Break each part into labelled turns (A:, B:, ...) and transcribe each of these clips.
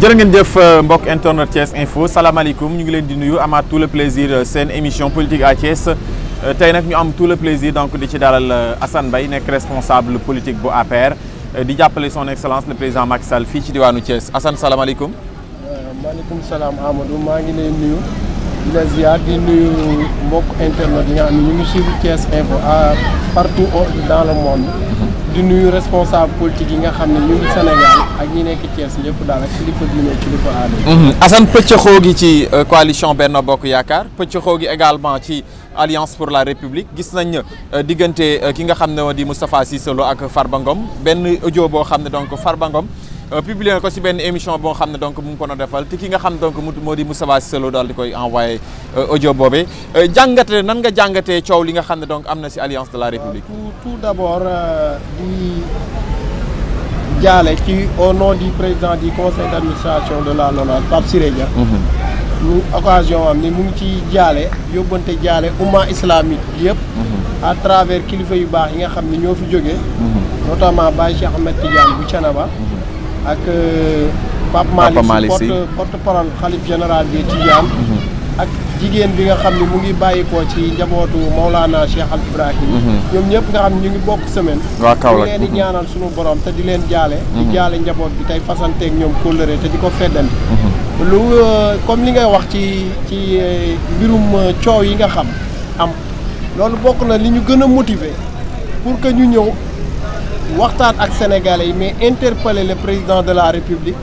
A: jërë ngeen jëf euh, mbokk internet Thiès Info salaamaaleykum ñu ngi leen di nuyu amaat tout le plaisir euh, seen émission politique à Thiès euh, tey nag ñu am tout le plaisir donc di ci dalal Assane bay nekk responsable politique bu APR di jàppale son excellence le président Macky Sall fii ci diwaanu Thiès Assane salaamaaleykum.
B: maaleykum salaam Amadou maa ngi lay nuyu di la nuyu mbokk internet yi nga xam ne ñu ngi suivre Thiès Info à partout dans le monde. di nuyu responsable politique yi nga xam ni ñu Sénégal ak ñu nekk Thiès ñëpp daal ak kilifa diine kilifa aada.
A: Mhm. Assane pëccëxoo gi ci euh, coalition benn Bokk Yaakaar pëccëxoo gi également ci alliance pour la république gis nañ euh, diggante euh, ki nga xam ne di Moustapha Cissé Lo ak Farba Ngom benn audio boo xam ne donc Farba Ngom. Euh, publier na ko si benn émission boo xam ne donc mu ngi ko doon defal te ki nga xam donc moo di Moustapha Cissé Lo daal di koy envoyé euh, audio boobee euh, jàngate nan nga jàngatee coow li nga xam ne donc am na si alliance de la république. tout
B: tout d' abord di jaale ci au nom du président du conseil d' administration de la LONASE Pape Siré Dia. mu mm-hmm. occasion am ni mu ngi ciy jaale yóbbante jaale umma islamique yëpp. Mm-hmm. à travers kilifa yu baax yi nga xam ne ñoo fi jógee.
A: Mm-hmm.
B: notamment Baye ak euh, Pape Malick Sy porte porte parole xalif général bi Tijaan
A: mm-hmm.
B: ak jigéen bi nga xam ni mu ngi bàyyi bàyyikoo ci njabootu Maulana Cheikh Al Ibrahim mm-hmm. ñoom ñëpp nga xam ne ñu ngi bokk semaine waa Kaolack leen di mm-hmm. ñaanal sunu borom te di leen jaale di jaale njaboot bi tey fasanteeg ñoom kóllëre te di ko feddandi lu euh, comme li ngay wax ci ci euh, mbirum coow yi nga xam am loolu bokk na li ñu gën a motiver pour que ñu ñëw waxtaan ak sénégalais yi mais interpeller le président de la république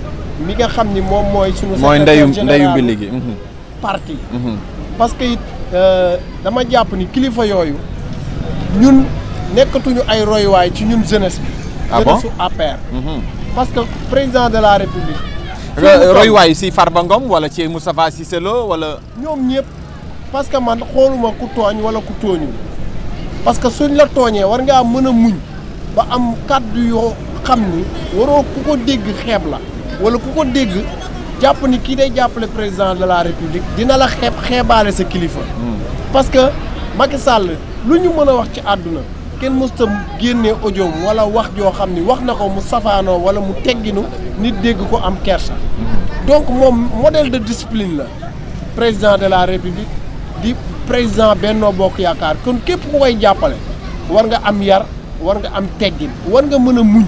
B: mi nga xam ni moom mooy. suñu secrétaire général mooy ndeyu mhm. parti. Mhm. parce que it euh, dama jàpp ni kilifa yooyu ñun nekkatuñu ay royuwaay ci ñun jeunesse bi. ah bon mhm. parce que président de la république. royuwaay si
A: far ba Ngom wala ci Moustapha Cissé Lo wala.
B: ñoom ñëpp parce que man xooluma ku tooñ wala ku tooñul parce que suñ la tooñee war ngaa mën a muñ. ba am kàddu yoo xam ni waroo ku ko dégg xeeb la wala ku ko dégg jàpp ni kii day jàppale président de la république dina la xeeb xeebale sa kilifa. Hmm. parce que Macky Sall lu ñu mën a wax ci àdduna kenn mësta génnee audio wala wax joo xam ni wax na ko mu safaanoo wala mu tegginu nit dégg ko am kersa. Hmm. donc moom modèle de discipline la président de la république di président Benno Bokk Yaakaar kon képp ku koy jàppale war nga am yar. war nga am teggin war nga mën a muñ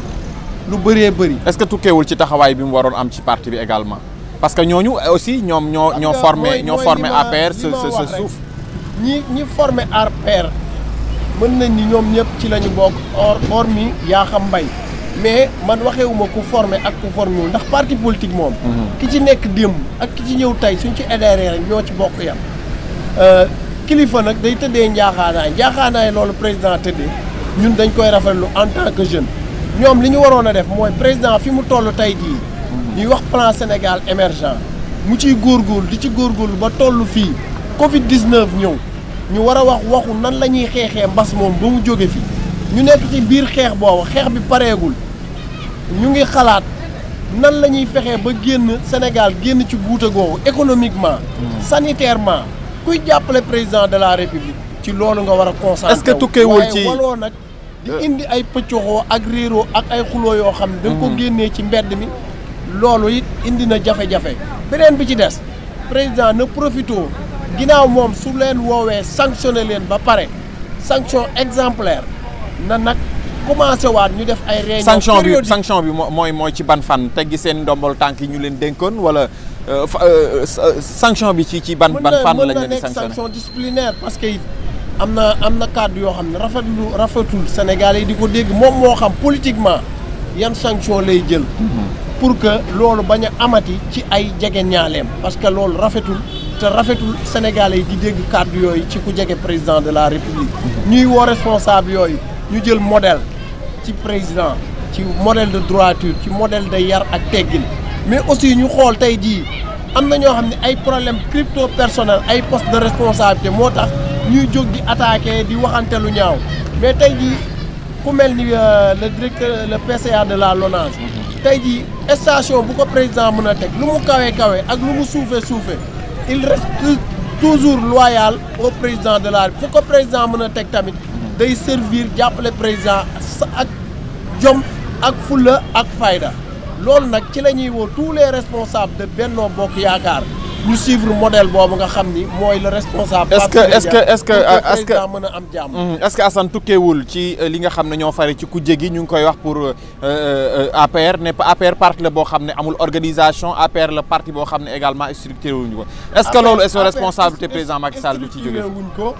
A: lu bëree bëri. est que tukkeewul ci taxawaay bi mu waroon am ci parti bi également parce que ñooñu aussi ñoom ñoo ñoo formé ñoo formé APR sa sa suuf.
B: ñi ñi formé APR mën nañ ni ñoom ñëpp ci la ñu bokk or yaa xam mbay mais man waxewuma ku formé ak ku formewul ndax parti politique moom. Mhm. ki ci nekk démb ak ki ci ñëw tey suñ ci adhéré rek ñoo ci bokk yam euh, kilifa nag day tëddee njaaxaanaay njaaxaanaay loolu président tëddee. ñun dañ koy rafetlu en tant que jeune ñoom li ñu waroon a def mooy président fi mu tollu tey jii ñuy wax plan Sénégal émergent mu ciy góor di ci góor góorgóorlu ba toll fii Covid 19 ñëw ñu war a wax waxu nan la ñuy xeexee mbas moom ba mu jóge fi ñu nekk ci biir xeex boobu xeex bi pareegul ñu ngi xalaat nan la ñuy fexee ba génn Sénégal génn ci guuta googu économiquement sanitairement kuy jàppale président de la république ci loolu nga war a concentré est-ce que tukkeewul nag di indi ay pëccoxoo ak réeroo ak ay xuloo yoo xam ne da nga ko mhm. génnee ci mbedd mi loolu it indi na jafe-jafe beneen bi ci des président na profito ginnaaw moom su leen woowee sanctionné leen ba pare sanction exemplaire na nag commencé waat ñu def ay réunion sanction bi
A: sanction bi mooy mooy ci ban fan teggi seen ndombol tànk yi ñu leen dénkoon wala euh, euh, sanction bi ci ci ban ban fan lañ leen sanctionné mën na nekk sanction
B: disciplinaire parce que am na am na kàddu yoo xam ne rafetlu rafetul Sénégal yi di ko dégg moom moo xam politiquement yan sanction lay jël. pour que loolu bañ a amati ci ay jege ñaaleem. parce que loolu rafetul te rafetul Sénégal yi di dégg kàddu yooyu ci ku jege président de la république. ñuy woo responsable yooyu ñu jël modèle ci président ci modèle de droiture ci modèle de yar ak teggin mais aussi ñu xool tey jii am na ñoo xam ne ay problème crypto personnel ay poste de responsabilité moo tax. ñuy jóg di attaqué di waxante lu ñaaw mais tey jii ku mel ni euh, le directeur le PCA de la LONASE tey jii station bu ko président mën a teg lu mu kawe kawe ak lu mu suufe suufe il reste toujours loyal au président de la fu ko président mën a teg tamit day servir jàppale président ak jom ak fulla ak fayda loolu nag ci la ñuy woo tous les responsables de Benno Bokk Yaakaar ñu suivre modèle boobu nga xam ni mooy le responsable. est-ce que est-ce que ce que est-ce am jàmm.
A: Mm-hmm. est-ce que Assane tukkeewul ci euh, li nga xam ne ñoo fare ci kujje gi ñu ngi koy wax pour euh, euh, APR ne APR parti la boo xam ne amul organisation APR la parti boo xam ne également structuré wuñu ko. est-ce que loolu est-ce que responsabilité président Macky Sall du ci jógee. wuñ
B: ko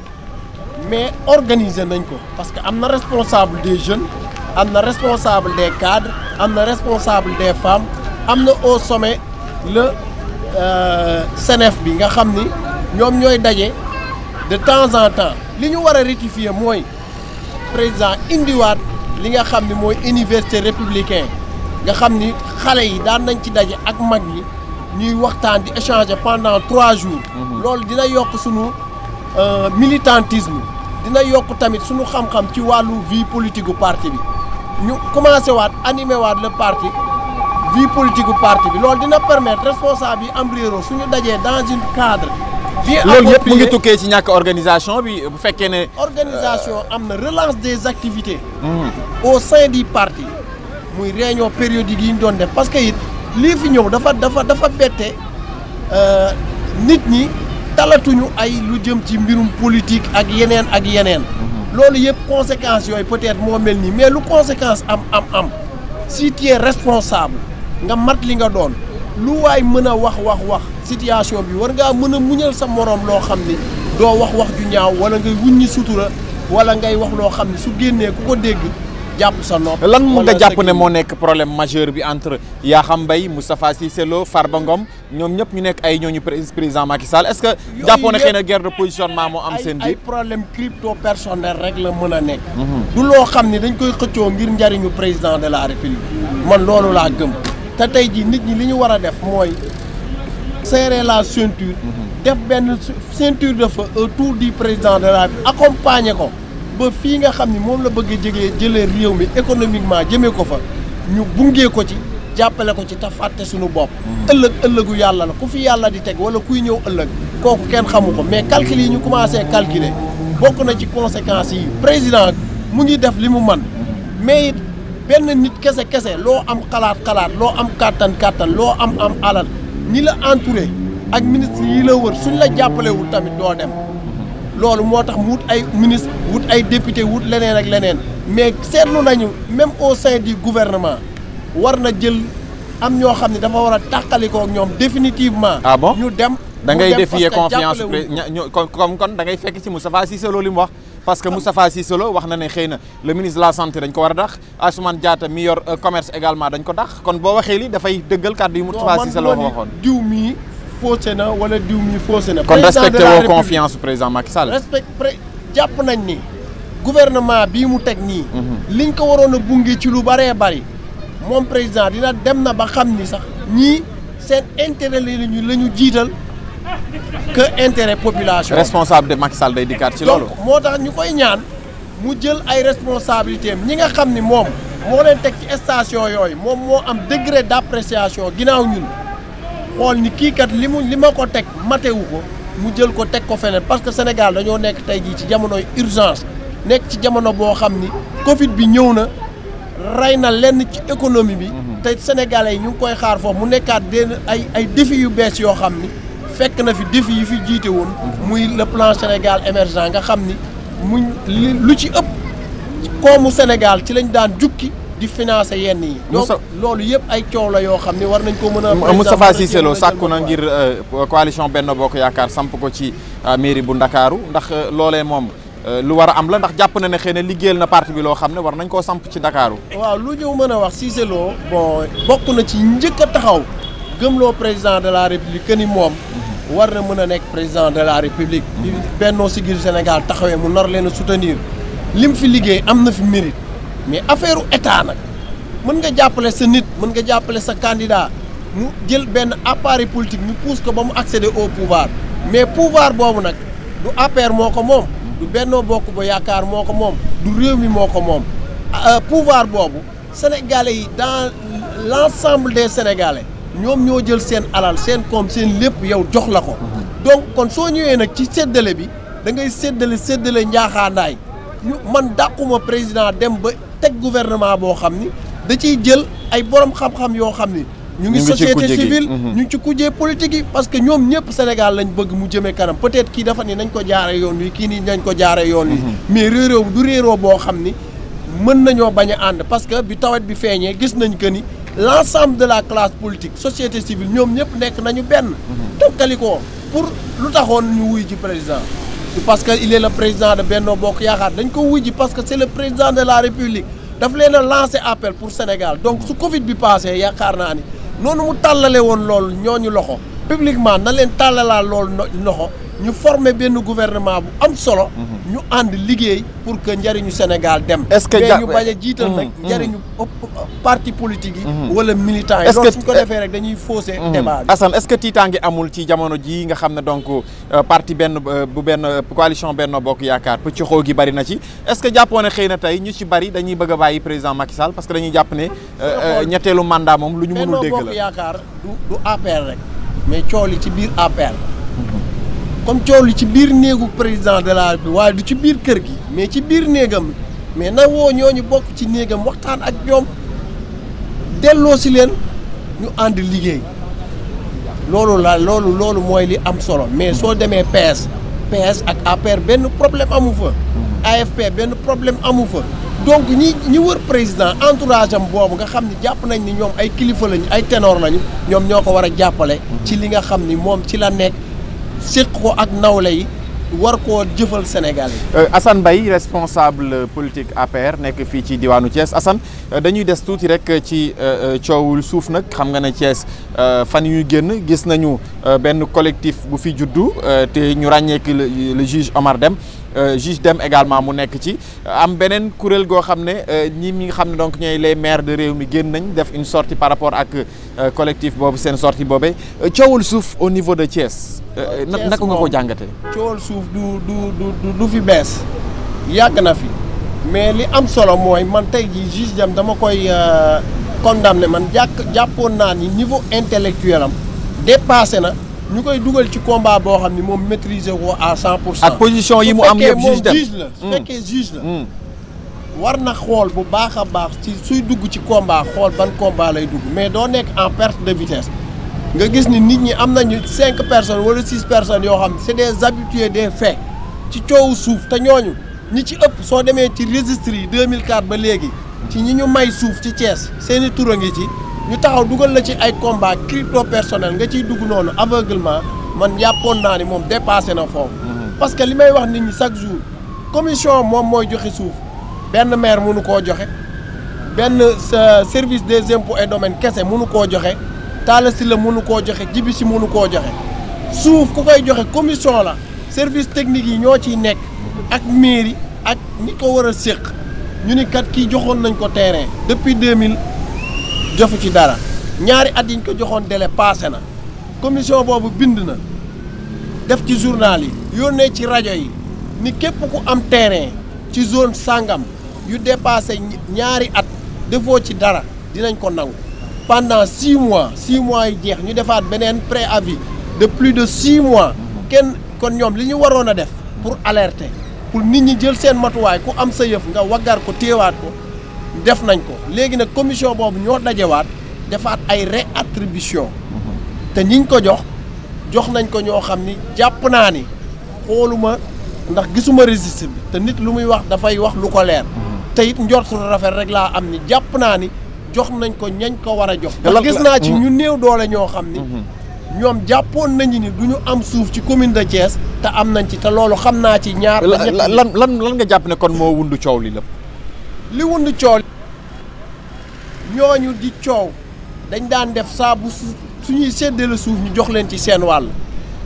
B: mais organiser nañ ko parce que am na responsable des jeunes am na responsable des cadres am na responsable des femmes am na au sommet le. Euh, senef bi nga xam ni ñoom ñooy daje de temps en temps li ñu war a rectifier mooy président indiwaat li nga xam ni mooy université républicain nga xam ni xale yi daan nañ ci daje ak mag yi ñuy waxtaan di échanger pendant trois jours. Mhm. loolu dina yokk sunu euh, militantisme dina yokk tamit sunu xam-xam ci wàllu vie politique parti bi ñu commencé waat animé waat le parti. vie politique bu parti bi loolu dina permettre responsable yi am réeroo suñu dajee dans une cadre bien approprié loolu yëpp mu ngi
A: tukkee ci ñàkk organisation bi bu
B: fekkee ne. Euh, organisation am na relance des activités. Mmh. au sein du parti muy réunion périodique yi ñu doon def parce que it lii fi ñëw dafa dafa dafa bette euh, nit ñi talatuñu ay lu jëm ci mbirum politique ak yeneen ak yeneen. Mhm. loolu yëpp conséquences yooyu peut moo mel nii mais lu conséquence am am am si tu es responsable. nga mat li nga doon lu waay mën a wax wax wax situation bi war ngaa mën a muñal sa moroom loo xam ni doo wax wax ju ñaaw wala ngay wuññi sutura wala ngay wax loo xam ne su génnee ku ko dégg jàpp sa nopp lan mu nga jàpp ne moo nekk
A: problème majeur bi entre yaa xam Yakham Mbaye Moustapha Cissé far ba Ngom ñoom ñëpp ñu nekk ay ñooñu président Macky Sall est-ce que jàppoo ne xëy na guerre de positionnement moo am seen biir ay
B: problème crypto personnel rek la mën a nekk mhm. du loo xam ni dañ koy xëccoo ngir njariñu président de la république te tey jii nit ñi li ñu war a def mooy serrer la ceinture. Mhm. def benn ceinture de feu autour di président de la République accompagner ko ba fii nga xam ni moom la bëgg a jege jëlee réew mi économiquement jëmee ko fa ñu bungee ko ci jàppale ko ci te fàtte suñu bopp. Mhm. ëllëg ëllëgu yàlla la ku fi yàlla di teg wala kuy ñëw ëllëg kooku kenn xamu ko mais calcul yi ñu commencé calculer bokk na ci conséquences yi président mu ngi def li mu man mhm. mais benn nit kese kese loo am xalaat xalaat loo am kàttan kàttan loo am am alal ñi la entouré ak ministre yi la wër suñ la jàppalewul tamit doo dem loolu moo tax mu wut ay ministre wut ay député wut leneen ak leneen mais seetlu nañu même au sein du gouvernement war na jël am ñoo xam ne dafa war a tàqalikoo ak ñoom définitivement. ah bon ñu dem da ngay défier confiance comme
A: kon da ngay fekk ci Moustapha Cissé loolu mu wax. parce que mu Cissé Lo wax na ne xëy na le ministre de la santé dañ ko war a dàq Ousmane Diatta mi yor euh, commerce également dañ ko dàq kon boo waxee li dafay dëggal kàddu yi Moustapha Cissé Lo waxoon
B: diw mi faussé na wala diw mi faussé na kon respecté woo confiance
A: président Macky Sall
B: respecté jàpp nañ ni gouvernement bii mu teg nii mhm. liñ ko waroon a bunge ci lu bëree bari moom président dina dem na ba xam ni sax ñii seen intérêt li lañu la ñu jiital que intérêt population.
A: responsable de Macky Sall day dikkaat ci loolu.
B: moo tax ñu koy ñaan mu jël ay responsabilités am ñi nga xam ni moom moo leen teg ci station yooyu moom moo am degré d'appréciation ginnaaw ñun xool ni kii kat li mu li ma ko teg matewu ko mu jël ko teg ko feneen parce que Sénégal dañoo nekk tey jii ci jamonoy urgence nekk ci jamono boo xam ni Covid bi ñëw na rey na lenn ci économie bi. Mhm. te Sénégalais yi ñu koy xaar foofu mu nekkaat benn ay ay défis yu bees yoo xam ni. fekk na fi défi yi fi jiite woon. muy le plan Sénégal émergent nga xam ni mu li lu ci ëpp koomu Sénégal ci lañ daan jukki di financer yenn yi. donc loolu yëpp ay coow la yoo xam ni war nañ ko mën a. Moustapha Cissé Lo
A: sàkku na ngir euh, coalition Benno Bokk Yaakaar samp ko ci euh, mairie bu Ndakaaru ndax euh, loolee moom. lu war a am la ndax jàpp na ne xëy na liggéeyal na parti bi loo xam ne war nañ koo samp ci Dakar.
B: waaw lu ñu mën a wax Cissé Lo bon bokk na ci njëkk a taxaw gëmloo président de la république ni moom war na mën a nekk président de la république. li Benno Siggil Sénégal taxawee mu nar leen a soutenir mu fi liggéey am na fi mérite mais affaire état nag mën nga jàppale sa nit mën nga jàppale sa candidat mu jël benn appareil politique ñu pousse ko ba mu accéder au pouvoir mais pouvoir boobu nag du APR moo ko moom. du Benno Bokk ba Yaakaar moo ko moom du réew mi moo ko moom euh, pouvoir boobu sénégalais yi dans l'ensemble des sénégalais. ñoom ñoo jël seen alal seen koom seen lépp yow jox la ko donc kon soo ñëwee nag ci séddale bi dangay séddale séddale njaaxaandaay ñu man dàquma président dem ba teg gouvernement boo xam ni da ciy jël ay borom xam-xam yoo xam ni ñu ngi société civile ñu ngi ci kujjee mhm. politique yi parce que ñoom ñëpp Sénégal lañ bëgg mu jëmee kanam peut-être kii dafa ni nañ ko jaare yoon wi kii nii nañ ko jaare yoon wi mhm. mais réeróo du réeroo boo xam ni mën nañoo bañ a ànd parce que bi tawet bi feeñee gis nañ que ni l'ensemble de la classe politique société civile ñoom ñëpp nekk nañu benn tënkalikoo mhm. pour lu taxoon ñu wuy ji président parce que il est le président de Benno Bokk Yaakaar dañ ko wuy ji parce que c'est le président de la République daf leen a lancé appel pour Sénégal donc su Covid bi passé yaakaar naa ni noonu mu tàllale woon loolu ñooñu loxo publiquement na leen tàllalaal loolu loxo ñu former benn gouvernement bu am solo. Mhm. ñu ànd liggéey pour que njariñu Sénégal dem. est-ce que ñu bañ a jiital nag. Mhm. njariñu parti politique yi. Mhm. wala militants yi. est-ce que ko eh- defee rek dañuy fausser débat bi. Assane est-ce que tiitaange
A: amul ci jamono jii nga xam ne donc euh, parti benn euh, bu benn euh, coalition Benno Bokk Yaakaar pëcc xoo gi bari na ci est-ce que jàppoo ne xëy na tey ñu ci bari dañuy bëgg bàyyi président Macky Sall parce que dañuy jàpp ne
B: ñetteelu mandat moom lu ñu mënul dégg la Yaakaar du du mais coow ci biir APR. comme coow li ci biir néegu président de la République waaye du ci biir kër gi mais ci biir néegam mais na woo ñooñu bokk ci néegam waxtaan ak ñoom delloo si leen ñu ànd liggéey loolu la loolu loolu mooy li am solo mais soo demee PS PS ak APR benn problème amu fa AFP benn problème amu fa donc ñi ñi wër président entourage am boobu nga xam ne jàpp nañ ni ñoom ay kilifa lañu ay tenoor lañu ñoom ñoo ko war a jàppale ci li nga xam ni moom ci la nekk séq ko ak nawle yi war koo jëfal Sénégal yi.
A: Euh, Assane Mbaye responsable politique APR nekk fii ci diwaanu Thiès Assane euh, dañuy des tuuti rek ci euh, coowul suuf nag xam nga ne Thiès fan yuy génn gis nañu benn collectif bu fi juddu te ñu ràññeek le juge Omar Deme Euh, juge dem également mu nekk ci am beneen kuréel goo xam ne euh, ñi ñi nga xam ne donc ñooy les maires de réew mi génn nañ def une sortie par rapport ak euh, collectif boobu seen sortie boobee coowal suuf au niveau de Thiès. naka nga ko jàngatee.
B: coowal suuf du du du fi bees yàgg na fi mais li am solo mooy man teg jii juge Dème dama koy ne man jàpp jàppoon naa ni niveau intellectuel am dépassé na. ñu koy dugal ci combat boo xam ni moom maîtriser ko à cent pour cent. ak position yi mu am yëpp juge dem juge la su fekkee juge la. Mm. Mm. war na xool bu baax a baax ci suy dugg ci combat xool ban combat lay dugg mais doo nekk en perte de vitesse nga gis ni nit ñi am nañu cinq personnes wala six personnes yoo xam ne c'est des habitués des faits ci coowu suuf te ñooñu ñi ci ëpp soo demee ci registre yi 2004 ba léegi ci ñi ñu may suuf ci Thiès seeni tur a ngi ci. ñu taxaw dugal na ci ay combat crypto personnel nga ciy dugg noonu aveuglement man yàppoon naa ni moom dépassé na foofu. Mhm. parce que li may wax nit ñi chaque jour commission moom mooy joxe suuf benn maire mënu koo joxe benn service des impôts et domaines kese mënu koo joxe Talla Sylla mënu koo joxe Jibi Si mënu koo joxe suuf ku koy joxe commission la service technique yi ñoo ciy nekk ak mairie ak ni ko war a séq ñu ni kat kii joxoon nañ ko terrain depuis 2000. jafu ci dara ñaari at yiñ ko joxoon délai passé na commission boobu bind na def ci journal yi yónnee ci rajo yi ni képp ku am terrain ci zone sàngam yu dépassé ñaari at defoo ci dara dinañ ko nangu pendant six mois six mois yi jeex ñu defaat beneen préavis de plus de six mois kenn kon ñoom li ñu waroon a def pour alerte pour nit ñi jël seen matuwaay ku am sa yëf nga waggar ko téewaat ko def nañ ko léegi nag commission boobu ñoo dajewaat defaat ay réattribution te ñiñ ko jox jox nañ ko ñoo xam ni jàpp naa ni xooluma ndax gisuma registre bi te nit lu muy wax dafay wax lu ko leer te it njortu rafet rek laa am ni jàpp naa ni jox nañ ko ñañ ko war a jox ndax gis naa ci ñu mm-hmm. néew doole ñoo xam ni mm-hmm. ñoom jàppoon nañu ni duñu am suuf ci commune de Thiès te am nañ ci te loolu xam naa ci ñaar lan lan lan nga jàpp ne kon moo wundu coow lii lépp li wund coow ñooñu di coow dañ daan def saabu su suñuy séddale suuf ñu jox leen ci seen wàll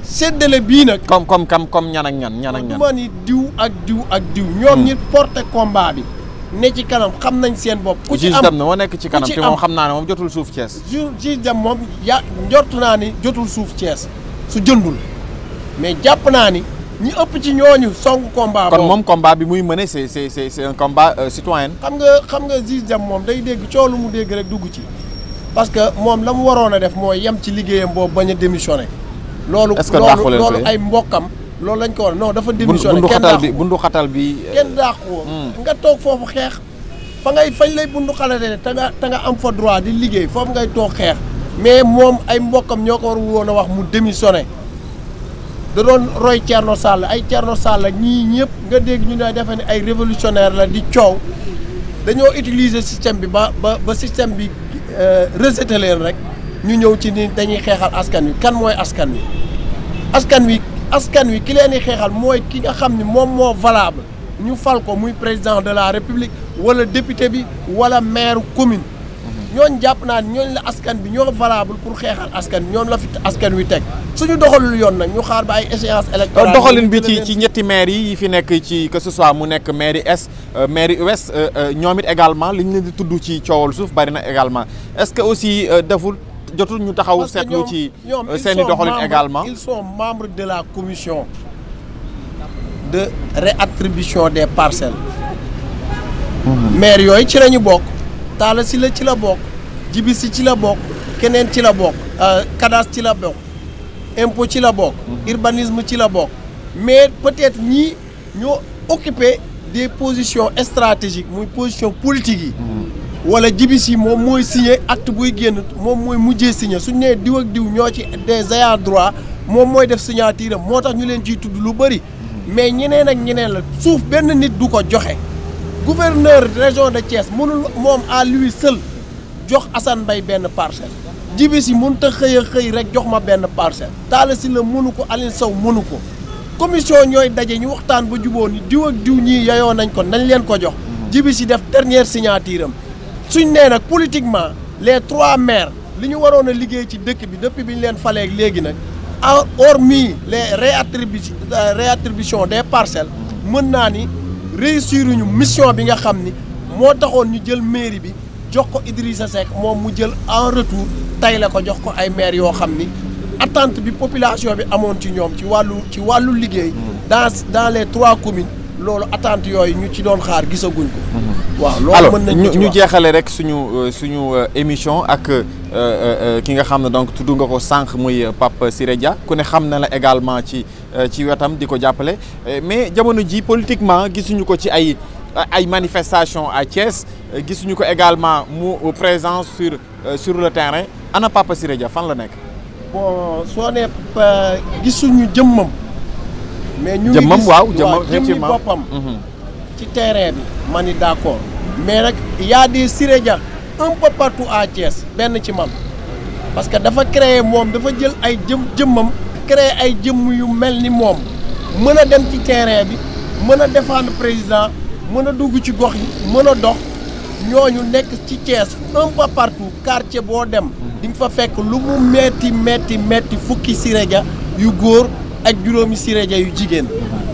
B: séddale bii nag. comme comme comme comme ñan ak ñan ñan ak ñan. man diw ak diw ak diw. ñoom hmm. ñi porté combat bi. ne ci kanam xam nañ seen bopp. ku ci am dem na nekk ci kanam te moom
A: xam naa ne moom jotul suuf cees
B: juge dem ya njortu naa ni jotul suuf Thiès su jëndul mais jàpp naa ni. ñu ëpp ci ñooñu song combat boobu kon moom
A: combat bi muy mëne se c'est c'est un combat euh, citoyen.
B: xam nga xam nga Ziz jam moom day dégg coow lu mu dégg rek dugg ci parce que moom la mu waroon a def mooy yam ci liggéeyam boobu bañ a démissionné. loolu loolu loolu ay mbokkam loolu lañ ko war non dafa démissionné bundu xatal bi bundu xatal bi kenn euh, daaxoo hmm. nga toog foofu xeex fa ngay fañ lay bundu xalatee te nga te nga am fa droit di liggéey foofu ngay toog xeex mais moom ay mbokkam ñoo ko war woon a wax mu démissionné da doon roy Thierno Sall ay Thierno Sall ñii ñëpp nga dégg ñu ne defe ne ay révolutionnaire la di coow dañoo utiliser système bi ba ba ba système bi euh, rejeté leen rek ñu ñëw ci ni dañuy xeexal askan wi kan mooy askan wi askan wi askan wi ki leen di xeexal mooy ki nga xam ni moom moo valable ñu fal ko muy président de la république wala député bi wala maire commune ñooñ jàpp naa ñooñ la askan bi ñoo valable pour xeexal askan bi ñoom la fi askan wi teg suñu doxalul yoon nag ñu xaar ba ay échéance électorale doxalin bi ci ci
A: ñetti maire yi fi nekk ci que ce soit mu nekk mairie est euh, mairie ouest euh, euh, ñoom it également li ñu leen di tudd ci coowal suuf bari na également est-ce que aussi deful jotul ñu taxaw seetlu ci seen i doxalin également ils
B: sont de la commission de réattribution des parcelles mhm. maire yooyu ci lañu bokk Talla la ci la bokk Djibi ci la bokk keneen ci la bokk cadastre euh, ci la bokk impôt ci la bokk mhm. urbanisme ci la bokk mais peut ñi ñoo occupé des positions stratégiques muy position politique yi mhm. wala Djibi Sy moom mooy signé acte buy génn moom mooy mujjee signé suñu nee diw ak diw ñoo ci des ayants moom mooy def signature am moo tax ñu leen ciy tudd lu bëri mhm. mais ñeneen ak ñeneen la suuf benn nit du ko joxe gouverneur région de Thiès mënul moom à lui seul jox Assane Mbaye benn parcelle jibi si munta xëy a xëy rek jox ma benn parcelle Talla Sylla mënu ko Aline Sow mënu ko commission ñooy daje ñu waxtaan ba juboo ni diw ak diw ñii yayoo nañ ko nañ leen ko jox jibi si def dernière signature am suñ nee nag politiquement les trois maires li ñu waroon a liggéey ci dëkk bi depuis bi ñu leen faleek léegi nag hormis les réattribution euh, réattribution des parcelles mën naa ni réussir ñu mission bi nga xam ni moo taxoon ñu jël mairie bi jox ko Idrissa Seck moom mu jël en retour tey ko jox ko ay maire yoo xam ni attente bi population bi amoon ci ñoom ci wàllu ci wàllu liggéey mm. dans dans les trois communes loolu attente yooyu ñu ci doon xaar gisaguñ ko. Mhm. waaw loolu mën nañ ñu
A: jeexale rek suñu euh, suñu euh, émission ak euh, ki nga xam ne donc tuddu nga ko sànq muy Pape Siré Dia ku ne xam na la également ci ci wetam di ko jàppale mais jamono ji politiquement gisuñu ko ci ay ay manifestation à Thiès gisuñu ko également mu présence sur sur le terrain ana Pape Siré Dia fan la nekk.
B: bon soo ne gisuñu jëmmam. mais ñu ngi gis waaw jëmmi boppam mhm. ci terrain bi ma ni d'accord mais nag yaa di Siré Dia un peu partout à Thiès benn ci man parce que dafa créer moom dafa jël ay jëm jëmmam créer ay jëmm yu mel ni moom mën a dem ci terrain bi mën a défendre président mën a dugg ci gox yi mën a dox ñooñu nekk ci Thiès un peu partout boo dem mhm. di fa fekk lu mu metti metti metti fukki Siré Dia yu góor ak juróomi siréja yu jigéen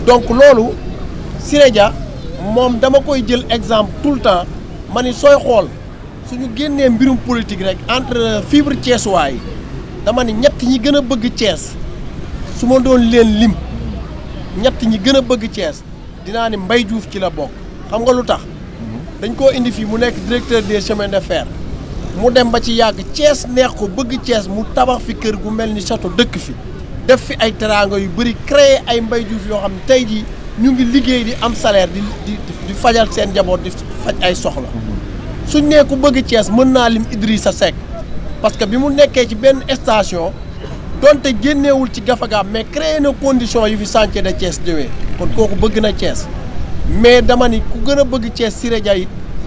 B: donc loolu siréja moom dama koy jël exemple tout le temps ma ni sooy xool suñu génnee mbirum politique rek entre fibre ceesuwaay dama ni ñett ñi gën a bëgg cees su ma doon leen lim ñett ñi gën a bëgg Thiès dinaa ni mbay Diouf ci la bokk xam nga lu tax dañ koo indi fii mu nekk directeur des chemins de fer mu dem ba ci yàgg Thiès neex ko bëgg cees mu tabax fi kër gu mel ni château dëkk fi def fi ay teraanga yu bëri créer ay Mbaye Diouf yoo xam ne tey jii ñu ngi liggéey di am salaire di di di fajal seen njaboot di faj ay soxla suñ nee ku bëgg cees mën naa lim Idrissa Seck parce que bi mu nekkee ci benn station donte génneewul ci gafagaam mais créé na condition yu fi sance de cees jëwee kon kooku bëgg na Thiès mais dama ni ku gën a bëgg cees Siré Dia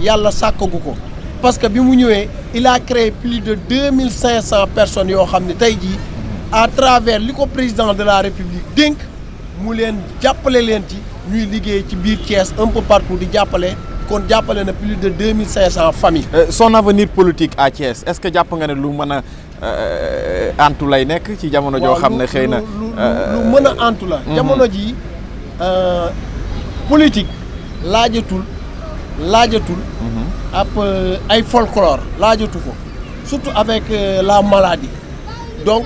B: yàlla sàkkagu ko parce que bi mu ñëwee il a créé plus de deux mille cinq cent personnes yoo xam ne tey jii à travers li ko président de la république dénk mu leen jàppale leen ci ñuy liggéey ci biir Thiès un peu partout di jàppale kon jàppale na plus de deux mille cinq cent familles. Euh, son avenir
A: politique à Thiès est-ce que jàpp nga ne lu mën euh, antu lay nekk ci jamono joo xam ne xëy na euh, lu mën
B: a antu la. Mhm. jamono ji politique laajatul laajatul. Mhm. ab ay folklore laajatu ko surtout avec la maladie donc.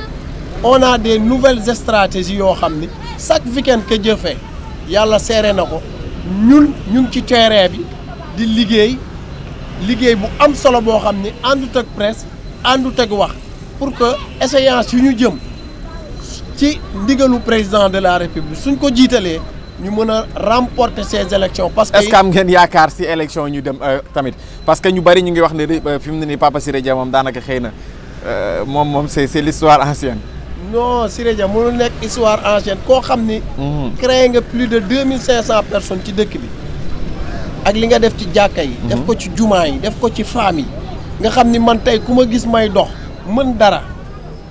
B: on a des nouvelles stratégies yoo xam ni chaque week-end que yàlla seere na ko ñun ñu ngi ci terrain bi di liggéey liggéey bu am solo boo xam ni àndut ak presse àndut ak wax pour que échéance yu ñu jëm ci ndigalu président de la république suñ ko jiitalee ñu mën a remporter ces
A: élections parce que que am ngeen yaakaar si élection ñu dem euh, tamit parce que ñu bari ñu ngi wax ne euh, fi mu ne nii Papa Siré Dia moom daanaka xëy na euh, moom moom c'est c'est l'histoire ancienne
B: non Siré Dia mënul nekk histoire ancienne koo xam ni. Mhm. créé nga plus de deux mille cinq cent personnes ci dëkk bi. ak li nga def ci jàkka yi. def ko mhm. ci jumaa yi def ko ci femmes yi. nga xam ni man tey ku ma gis may dox mën dara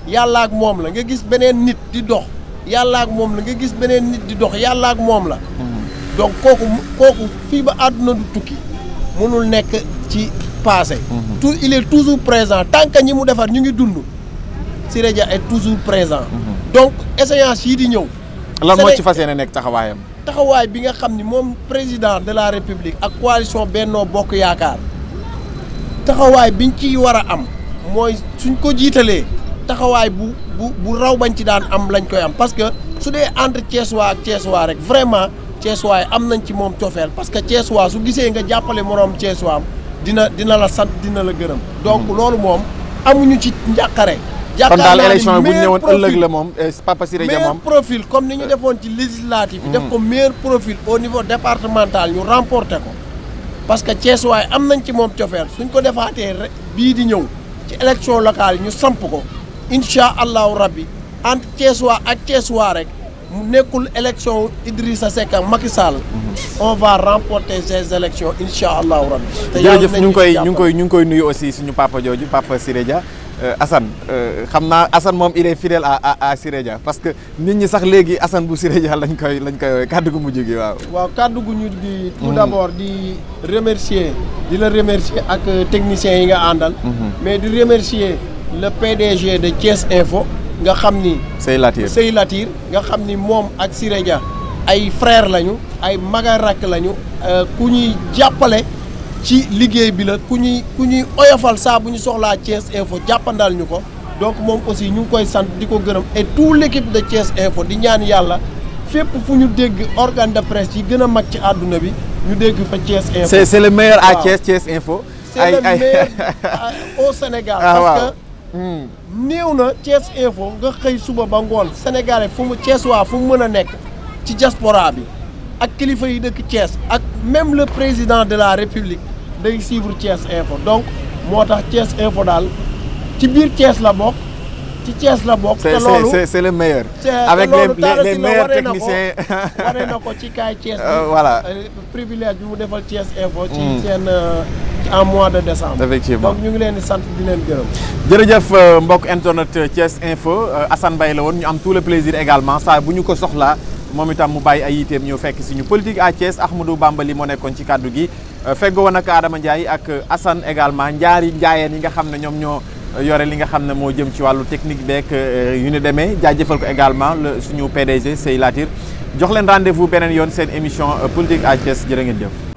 B: yàlla ak moom la nga gis beneen nit di dox yàlla ak moom la nga gis beneen nit di dox yàlla ak moom la. Mhm. donc kooku fii ba àdduna du tukki mënul nekk ci passé. tout il est toujours présent tant que ñi mu defar ñu ngi dund. Siré Dia est toujours présent. Mhm. donc échéance yi di ñëw. lan moo ci fas
A: yéene nekk taxawaayam.
B: taxawaay bi nga xam ni moom président de la république ak coalition Benno Bokk Yaakaar taxawaay biñ ci war a am mooy suñ ko jiitalee taxawaay bu bu bu raw bañ ci daan am lañ koy am parce que su dee entre Thiessois ak Thiessois rek vraiment Thiessois am nañ ci moom cofeel parce que Thiessois su gisee nga jàppale moroom Thiessois am dina dina la sant dina la gërëm. donc mhm. loolu moom amuñu ci njàqare kon daal élection yi bu ñu ñëwoon la moom
A: eh, Papa Siré Dia moom
B: profil comme ni ñu eh. defoon ci législative yi mm. def ko meilleur profil au niveau départemental ñu remporter ko parce que Thiès am nañ ci moom cofeel suñ ko defaatee bii di ñëw ci élection locale ñu samp ko incha allahu rabbi entre Thiès waa ak Thiès waa rek mu nekkul élection Idrissa Seck ak Macky Sall mm-hmm. on va remporter ces élections incha allahu rabbi jërëjëf ñu ngi koy ñu ngi koy
A: ñu ngi koy nuyu aussi suñu papa jooju Papa Siré Dia Euh, Assane euh, xam naa Assane moom il est fidèle à à à parce que nit ñi sax léegi Assane bu Sirédia lañ koy lañ koy woowee kàddu gu mujj gi waaw.
B: waaw kàddu gu mujj gi. tout mm-hmm. d'abord di remercier di la remercier ak euh, techniciens yi nga àndal. Mm-hmm. mais di remercier le PDG de Thiès Info nga xam ni.
A: Sey Latir Sey
B: Latir nga xam ni moom ak Sirédia ay frère lañu ay magarak rakk lañu ku ñuy jàppale. ci liggéey bi la ku ñuy ku ñuy oyofal saa bu ñu soxlaa Thiès Info jàppandal ñu ko donc moom aussi ñu ngi koy sant di ko gërëm et tout l'équipe de Thiès Info di ñaan yàlla fépp fu ñu dégg organe de presse ci gën a mag ci àdduna bi ñu dégg fa Thiès Info. c'est c'est le meilleur à Thiès
A: Thiès Info. c'est le meilleur
B: au Sénégal. Ah, parce que hmm. na Thiès Info nga xëy suba ba ngoon Sénégalais fu mu Thiès waa fu mu mën a nekk ci diaspora bi. ak kilifa yi dëkk Thiès ak même le président de la république day suivre Thiès info donc moo tax Thiès info daal ci biir cees la bokk ci Thiès la bokk. te loolu c'est
A: le meilleur. avec les les les meilleurs techniciens.
B: waree na ko ci kaay Thiès. Euh, voilà euh, privilège bi mu defal Thiès info. ci mm. seen. Euh, en mois de décembre. effectivement donc ñu ngi leen di sant di leen gërëm.
A: jërëjëf mbokk internet Thiès Info Assane Mbaye la woon ñu am tout le plaisir également saa bu ñu ko soxlaa. moom itam mu bàyyi ay yiteem ñëw fekk suñu ñu politique à Thiès Ahmadou Bambali moo nekkoon ci kaddu gi euh, feggoo woon ak Adama Ndiaye ak euh, Assane également njaari njaayeen yi nga xam ne ñoom ñoo euh, yore li nga xam ne moo jëm ci wàllu technique beeg yu ñu demee jaajëfal ko également suñu PDG Sey Latir jox leen rendez-vous beneen yoon seen émission politique à Thiès jërë ngeen jëf